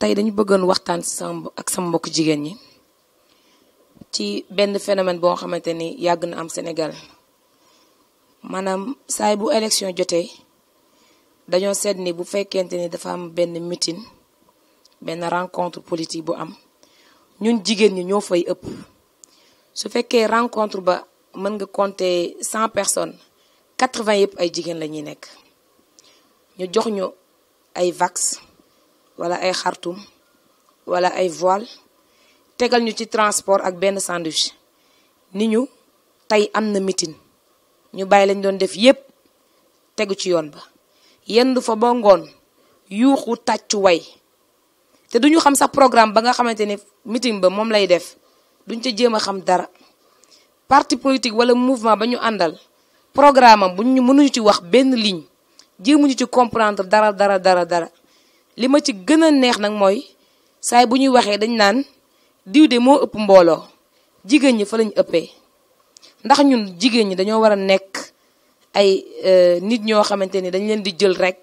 tey dañu bëggoon waxtaan si sama ak sama mbokk jigéen ñi ci benn phénomène boo xamante ni yàgg na am Sénégal maanaam saay bu élection jotee dañoo seet ni bu fekkente ni dafa am benn meeting benn rencontre politique bu am ñun jigéen ñi ñoo fay ëpp su fekkee rencontre ba mën nga compter cent personnes quatre-vingt yëpp ay jigéen la ñuy nekk ñu jox ñu ay vax wala ay xartum wala ay voile tegal ñu ci transport ak benn sandwich ni ñu tey am na mitin ñu bàyyi lañ doon def yépp tegu ci yoon ba yendu fa ba ngoon yuuxu tàccu way te duñu xam sax programme ba nga xamante ne mitin ba moom lay def duñ ca jéem a xam dara parti politique wala mouvement ba ñu àndal programme am buñ ñu mënuñu ci wax benn ligne jéemuñu ci comprendre dara dara dara dara li ma ci gën a neex nag mooy saay bu ñuy waxee dañ naan diw de moo ëpp mbooloo jigéen ñi fa lañ ëppee ndax ñun jigéen ñi dañoo war a nekk ay euh, nit ñoo xamante ni dañ leen di jël rek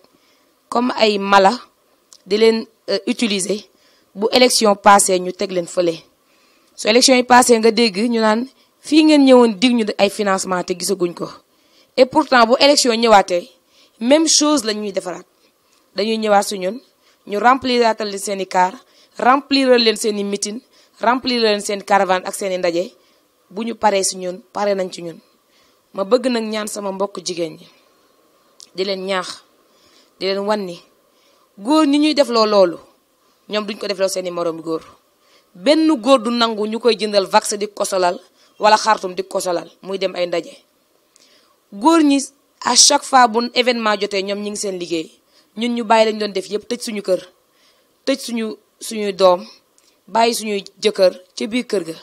comme ay mala di leen euh, utiliser bu élection passé ñu teg leen fële su élection yi passe nga dégg ñu naan fii ngeen ñëwoon dig ñu ay financement te gisaguñ ko et pourtant bu élection ñëwaate même chose la ñuy defaraat dañuy ñëwaat su ñun ñu rempliraatal leen seen i kaar rempliral leen seen i meeting remplir leen seen caravane ak seeni ndaje bu ñu paree si ñun pare nañ ci ñun ma bëgg nag ñaan sama mbokk jigéen ñi di leen ñaax di leen wan ni góor ñi ñuy defloo loolu ñoom duñ ko defloo seen i moroom góor benn góor du nangu ñu koy jëndal vax di kosolal wala xartum di kosolal muy dem ay ndaje góor ñi à chaque fois bu événement jotee ñoom ñi ngi seen liggéey ñun ñu bàyyi lañ doon def yëpp tëj suñu kër tëj suñu suñuy doom bàyyi suñuy jëkkër ca biir kër ga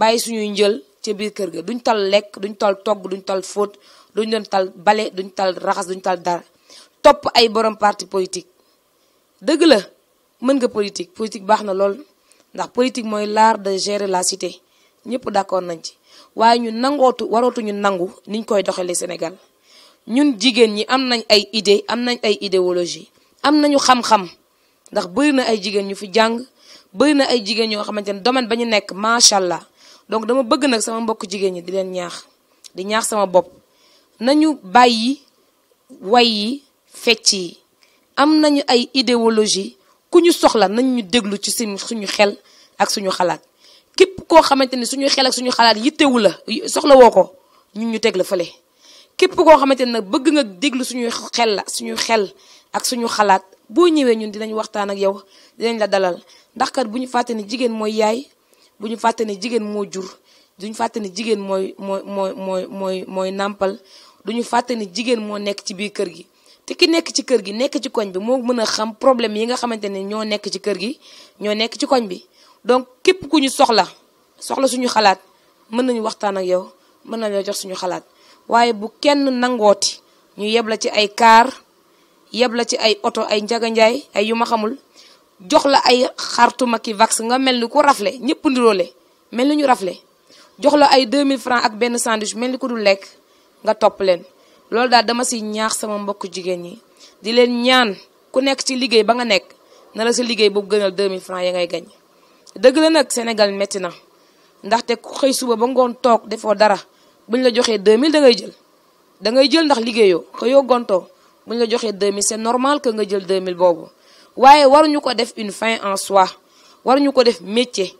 bàyyi suñuy njël ca biir kër ga duñ tal lekk duñ tal togg duñ tal fóot duñ doon tal bale duñ tal raxas duñ tal dara topp ay borom parti politique dëgg la mën nga politique politique baax na lool ndax politique mooy laar de gérer la cité ñëpp d'accord nañ ci waaye ñu nangootu warootuñu nangu niñ koy doxalee Sénégal ñun jigéen ñi am nañ ay idée am nañ ay idéologie am nañu xam-xam ndax bëri na ay jigéen ñu fi jàng bëri na ay jigéen ñoo xamante ne domaine ba ñu nekk macha allah donc dama bëgg nag sama mbokk jigéen ñi di leen ñaax di ñaax sama bopp nañu bàyyi way yi fecc yi am nañu ay idéologie ku ñu soxla nañ ñu déglu ci suñu xel ak suñu xalaat képp koo xamante ni suñu xel ak suñu xalaat yittewu la soxla woo ko ñu ñu teg la fële képp koo xamante ne nag bëgg nga déglu suñuy xel la suñu xel ak suñu xalaat boo ñëwee ñun dinañ waxtaan ak yow dinañ la dalal ndax kat bu ñu fàtte ne jigéen mooy yaay bu ñu fàtte jigéen moo jur du ñu jigéen mooy mooy mooy mooy mooy mooy nàmpal du ñu fàtte jigéen moo nekk ci biir kër gi te ki nekk ci kër gi nekk ci koñ bi moo mën a xam problème yi nga xamante ne ñoo nekk ci kër gi ñoo nekk ci koñ bi donc képp ku ñu soxla soxla suñu xalaat mën nañu waxtaan ak yow mën nañoo jox suñu xalaat waaye bu kenn nangooti ñu yeb la ci ay kaar yeb la ci ay oto ay njaganjaay ay yu ma xamul jox la ay xartuma ki vax nga mel ni ku rafle ñëpp ndiroole mel ni ñu rafle jox la ay 2000 francs ak benn sandwich mel ni ku dul lekk nga topp leen loolu daal dama si ñaax sama mbokku jigéen ñi di leen ñaan ku nekk ci liggéey ba nga nekk na la sa liggéey boobu gënal 2000 francs ya ngay gañ dëgg la nag Sénégal métti na ndaxte ku xëy suba ba ngoon toog defoo dara ñu la joxee 2000 da ngay jël da ngay jël ndax liggéeyoo ko yoo bu buñ la joxee 2000 c'est normal que nga jël 2000 boobu waaye ñu ko def une fin en war ñu ko def métier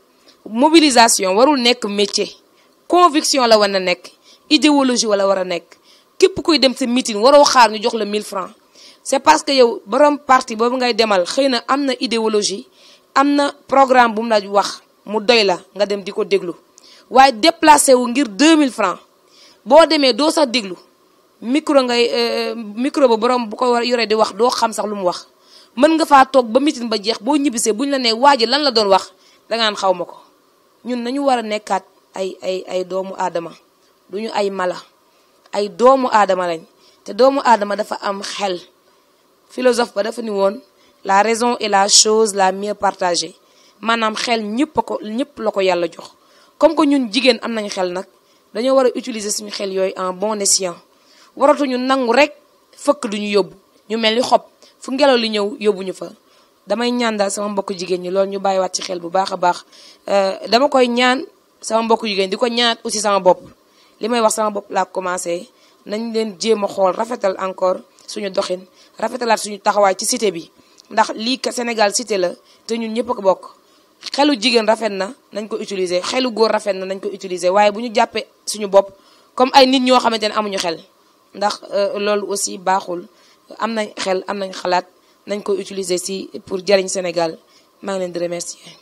mobilisation warul nekk métier conviction la war a nekk idéologie wala war a nekk képp kuy dem sa meeting waroo xaar ñu jox la mille francs c'est parce que yow borom parti boobu ngay demal xëy na am na idéologie am na programme bu mu la wax mu doy la nga dem di ko déglu waaye déplacé wu ngir 2000 francs boo demee doo sax déglu micro ngay euh, euh, micro ba borom bu ko war yore di wax doo xam sax lu mu wax mën nga faa toog ba mitin ba jeex boo ñibbisee buñ la nee waa ji lan la doon wax dangaa xaw ma ko ñun nañu war a nekkaat ay ay ay doomu aadama du ñu ay mala ay doomu aadama lañ te doomu aadama dafa am xel philosophe ba dafa ni woon la raison est la chose la mieux partage maanaam xel ñëpp ko ñëpp la ko yàlla jox comme que ñun jigéen am nañ xel nag dañoo war a utiliser suñu xel yooyu en bon escient waratuñu nangu rek fëkk duñu yóbbu ñu mel ni xob fu ngelaw li ñëw yóbbuñu fa damay ñaan daal sama mbokk jigéen ñi loolu ñu bàyyiwaat ci xel bu baax a baax euh, dama koy ñaan sama mbokk jigéen di ko ñaanaat aussi sama bopp li may wax sama bopp laa commencé nañ leen jéem a xool rafetal encore suñu doxin rafetalaat suñu taxawaay ci cité bi ndax lii Sénégal cité la te ñun ñëpp a ko bokk xelu jigéen rafet na nañ ko utiliser xelu góor rafet na nañ ko utiliser waaye bu ñu jàppee suñu bopp comme ay nit ñoo xamante ne amuñu xel ndax euh, loolu aussi baaxul am nañ xel am nañ xalaat nañ ko utiliser si pour jariñ Sénégal maa ngi leen di remercier